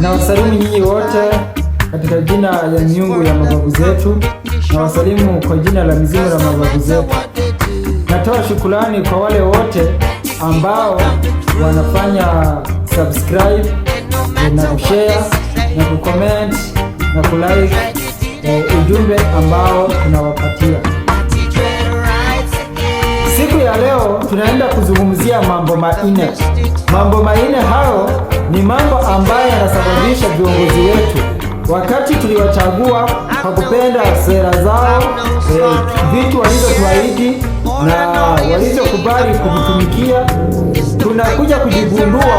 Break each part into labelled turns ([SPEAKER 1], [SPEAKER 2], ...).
[SPEAKER 1] Na wasalimu nyinyi wote katika jina ya miungu ya mababu zetu, na wasalimu kwa jina la mizimu ya mababu zetu. Natoa shukrani kwa wale wote ambao wanafanya subscribe na kushare na kucomment na kulike eh, ujumbe ambao tunawapatia. Siku ya leo tunaenda kuzungumzia mambo manne, mambo manne hayo ni mambo ambayo yanasababisha viongozi wetu wakati tuliwachagua kwa kupenda sera zao, eh, vitu walizotuahidi na walivyokubali kuvitumikia, tunakuja kujigundua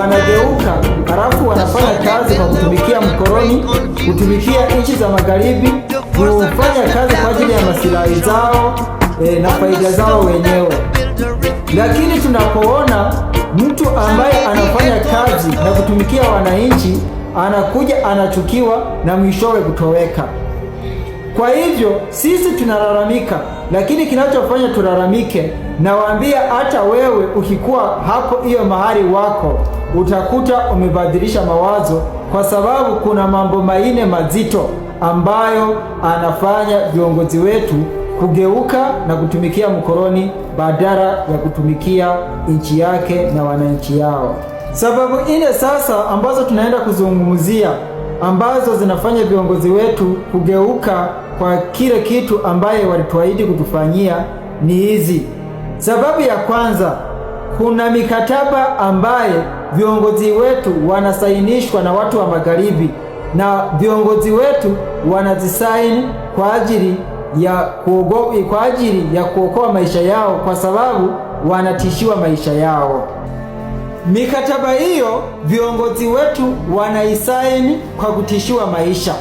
[SPEAKER 1] wanageuka, halafu wanafanya kazi kwa kutumikia mkoloni, kutumikia nchi za magharibi, kufanya kazi kwa ajili ya masilahi zao, e, na faida zao wenyewe, lakini tunapoona kazi na kutumikia wananchi, anakuja anachukiwa na mwishowe kutoweka. Kwa hivyo sisi tunalalamika, lakini kinachofanya tulalamike, nawaambia hata wewe ukikuwa hapo hiyo mahali wako utakuta umebadilisha mawazo, kwa sababu kuna mambo maine mazito ambayo anafanya viongozi wetu kugeuka na kutumikia mkoloni badala ya kutumikia nchi yake na wananchi yao. Sababu nne sasa ambazo tunaenda kuzungumzia ambazo zinafanya viongozi wetu kugeuka kwa kile kitu ambaye walituahidi kutufanyia ni hizi. Sababu ya kwanza, kuna mikataba ambaye viongozi wetu wanasainishwa na watu wa magharibi, na viongozi wetu wanazisaini kwa ajili ya kuogo, kwa ajili ya kuokoa maisha yao, kwa sababu wanatishiwa maisha yao. Mikataba hiyo viongozi wetu wanaisaini kwa kutishiwa maisha,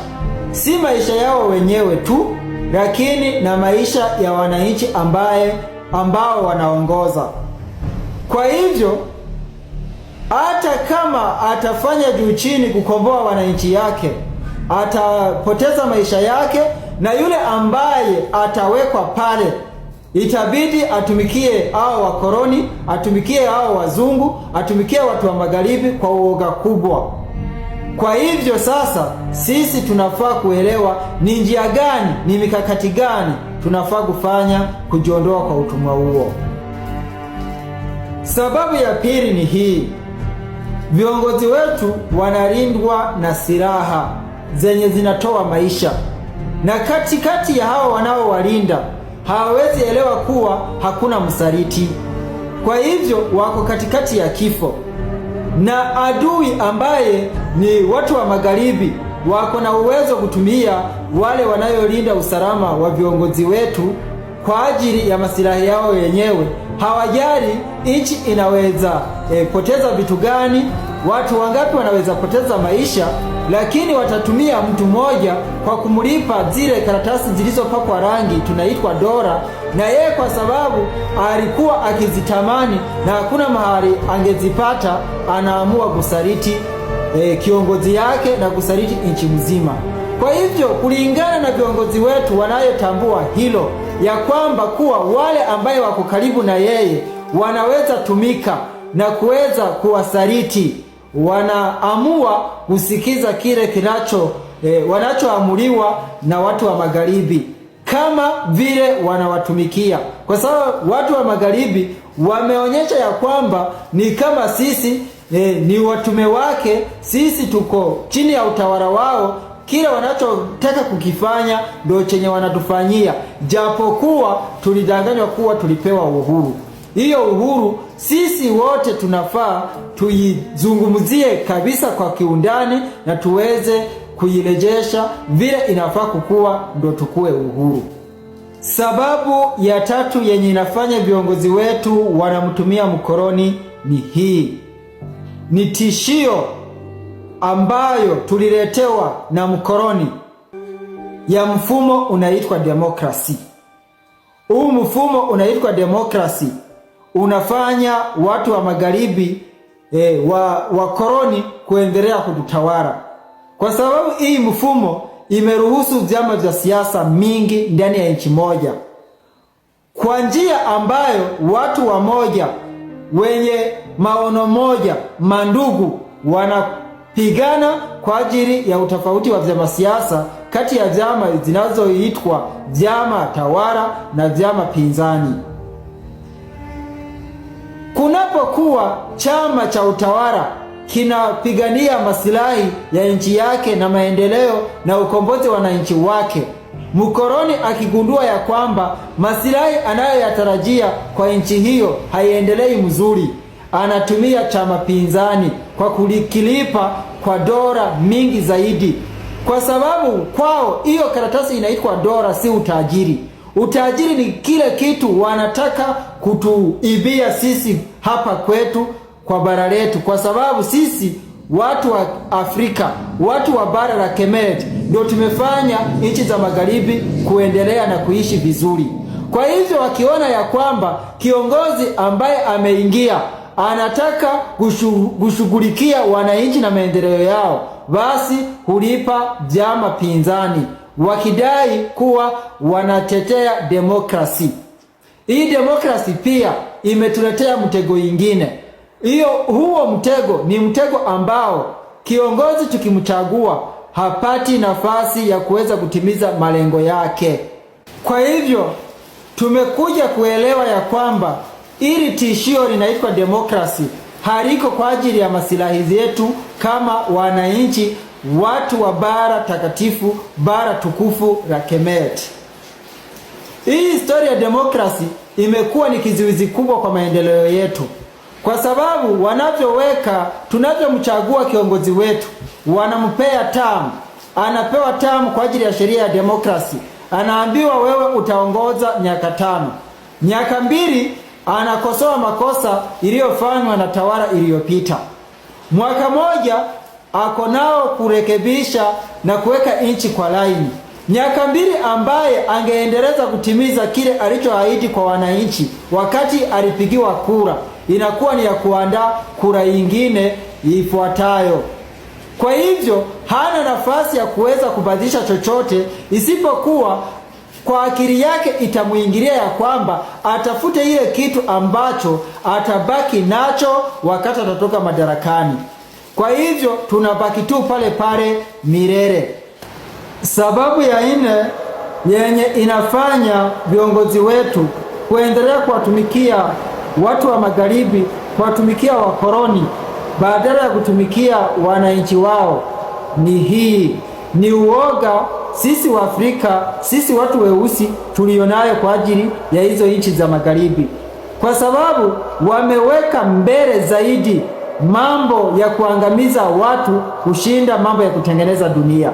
[SPEAKER 1] si maisha yao wenyewe tu, lakini na maisha ya wananchi ambaye ambao wanaongoza. Kwa hivyo hata kama atafanya juu chini kukomboa wananchi yake, atapoteza maisha yake, na yule ambaye atawekwa pale itabidi atumikie hao wakoloni, atumikie hao wazungu, atumikie watu wa magharibi kwa uoga kubwa. Kwa hivyo sasa, sisi tunafaa kuelewa ni njia gani, ni mikakati gani tunafaa kufanya kujiondoa kwa utumwa huo. Sababu ya pili ni hii: viongozi wetu wanalindwa na silaha zenye zinatoa maisha, na katikati ya hao wanaowalinda hawawezi elewa kuwa hakuna msaliti. Kwa hivyo wako katikati ya kifo na adui ambaye ni watu wa magharibi wako na uwezo kutumia wale wanayolinda usalama wa viongozi wetu kwa ajili ya masilahi yao yenyewe Hawajali nchi inaweza e, poteza vitu gani, watu wangapi wanaweza poteza maisha lakini watatumia mtu mmoja kwa kumlipa zile karatasi zilizopakwa rangi, tunaitwa dora, na yeye kwa sababu alikuwa akizitamani na hakuna mahali angezipata, anaamua kusaliti e, kiongozi yake na kusaliti nchi mzima. Kwa hivyo kulingana na viongozi wetu wanayotambua hilo ya kwamba kuwa wale ambaye wako karibu na yeye wanaweza tumika na kuweza kuwasaliti wanaamua kusikiza kile kinacho eh, wanachoamuliwa na watu wa magharibi kama vile wanawatumikia, kwa sababu watu wa magharibi wameonyesha ya kwamba ni kama sisi eh, ni watume wake, sisi tuko chini ya utawala wao kile wanachotaka kukifanya ndio chenye wanatufanyia, japokuwa tulidanganywa kuwa tulipewa uhuru hiyo uhuru sisi wote tunafaa tuizungumzie kabisa kwa kiundani na tuweze kuirejesha vile inafaa kukuwa, ndo tukue uhuru. Sababu ya tatu yenye inafanya viongozi wetu wanamtumia mkoloni ni hii, ni tishio ambayo tuliletewa na mkoloni ya mfumo unaitwa demokrasi. Huu mfumo unaitwa demokrasi unafanya watu wa magharibi e, wa wakoloni kuendelea kututawala, kwa sababu hii mfumo imeruhusu vyama vya siasa mingi ndani ya nchi moja kwa njia ambayo watu wamoja wenye maono moja, mandugu wanapigana kwa ajili ya utofauti wa vyama siasa kati ya vyama zinazoitwa vyama tawala na vyama pinzani kuwa chama cha utawala kinapigania masilahi ya nchi yake na maendeleo na ukombozi wa wananchi wake. Mkoloni akigundua ya kwamba masilahi anayoyatarajia kwa nchi hiyo haiendelei mzuri, anatumia chama pinzani kwa kulikilipa kwa dola mingi zaidi, kwa sababu kwao hiyo karatasi inaitwa dola, si utajiri. Utajiri ni kile kitu wanataka kutuibia sisi hapa kwetu kwa bara letu, kwa sababu sisi watu wa Afrika, watu wa bara la Kemet ndio tumefanya nchi za magharibi kuendelea na kuishi vizuri. Kwa hivyo wakiona ya kwamba kiongozi ambaye ameingia anataka kushughulikia wananchi na maendeleo yao, basi hulipa jama pinzani wakidai kuwa wanatetea demokrasi. Hii demokrasi pia imetuletea mtego ingine. Hiyo huo mtego ni mtego ambao kiongozi tukimchagua hapati nafasi ya kuweza kutimiza malengo yake. Kwa hivyo tumekuja kuelewa ya kwamba ili tishio linaitwa demokrasi haliko kwa ajili ya masilahi yetu kama wananchi, watu wa bara takatifu, bara tukufu la Kemet. Hii historia ya demokrasi imekuwa ni kizuizi kubwa kwa maendeleo yetu, kwa sababu wanavyoweka, tunavyomchagua kiongozi wetu, wanampea tamu, anapewa tamu kwa ajili ya sheria ya demokrasi, anaambiwa wewe utaongoza miaka tano, miaka mbili anakosoa makosa iliyofanywa na tawala iliyopita, mwaka moja ako nao kurekebisha na kuweka nchi kwa laini. mbili ambaye angeendeleza kutimiza kile alichoahidi kwa wananchi wakati alipigiwa kura, inakuwa ni ya kuandaa kura nyingine ifuatayo. Kwa hivyo hana nafasi ya kuweza kubadilisha chochote isipokuwa kwa akili yake itamwingilia ya kwamba atafute ile kitu ambacho atabaki nacho wakati atatoka madarakani. Kwa hivyo tunabaki tu pale pale milele. Sababu ya nne yenye inafanya viongozi wetu kuendelea kuwatumikia watu wa magharibi, kuwatumikia wakoloni badala ya kutumikia wananchi wao ni hii, ni uoga sisi wa Afrika, sisi watu weusi tulionayo kwa ajili ya hizo nchi za magharibi, kwa sababu wameweka mbele zaidi mambo ya kuangamiza watu kushinda mambo ya kutengeneza dunia.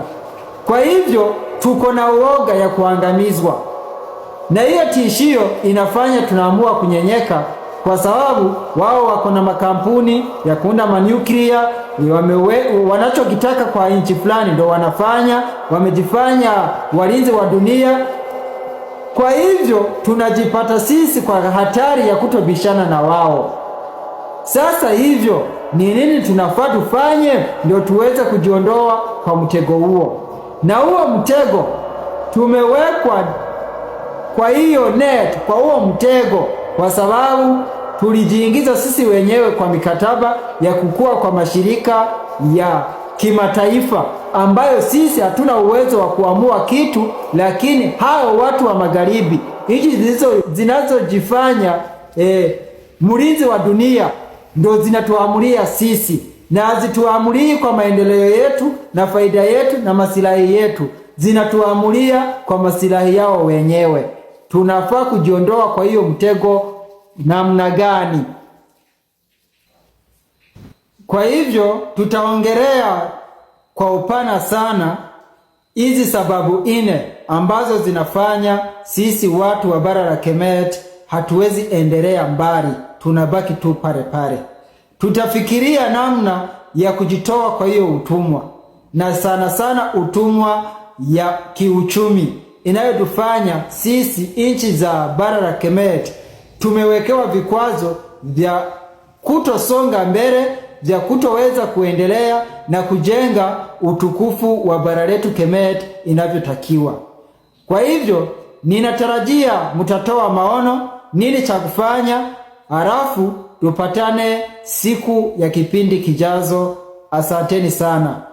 [SPEAKER 1] Kwa hivyo tuko na uoga ya kuangamizwa, na hiyo tishio inafanya tunaamua kunyenyeka, kwa sababu wao wako na makampuni ya kuunda manyuklia wanachokitaka kwa nchi fulani, ndio wanafanya, wamejifanya walinzi wa dunia. Kwa hivyo tunajipata sisi kwa hatari ya kutobishana na wao. Sasa hivyo ni nini tunafaa tufanye ndio tuweze kujiondoa kwa mtego huo? Na huo mtego tumewekwa kwa hiyo net, kwa huo mtego, kwa sababu tulijiingiza sisi wenyewe kwa mikataba ya kukua kwa mashirika ya kimataifa ambayo sisi hatuna uwezo wa kuamua kitu, lakini hao watu wa magharibi, nchi zinazojifanya eh, mlinzi wa dunia ndo zinatuamulia sisi, na hazituamulii kwa maendeleo yetu na faida yetu na masilahi yetu, zinatuamulia kwa masilahi yao wenyewe. Tunafaa kujiondoa kwa hiyo mtego namna gani? Kwa hivyo tutaongelea kwa upana sana hizi sababu ine ambazo zinafanya sisi watu wa bara la Kemet hatuwezi endelea mbali tunabaki tu pale pale, tutafikiria namna ya kujitoa kwa hiyo utumwa, na sana sana utumwa ya kiuchumi inayotufanya sisi nchi za bara la Kemet tumewekewa vikwazo vya kutosonga mbele, vya kutoweza kuendelea na kujenga utukufu wa bara letu Kemet inavyotakiwa. Kwa hivyo ninatarajia mtatoa maono nini cha kufanya Halafu tupatane siku ya kipindi kijazo. Asanteni sana.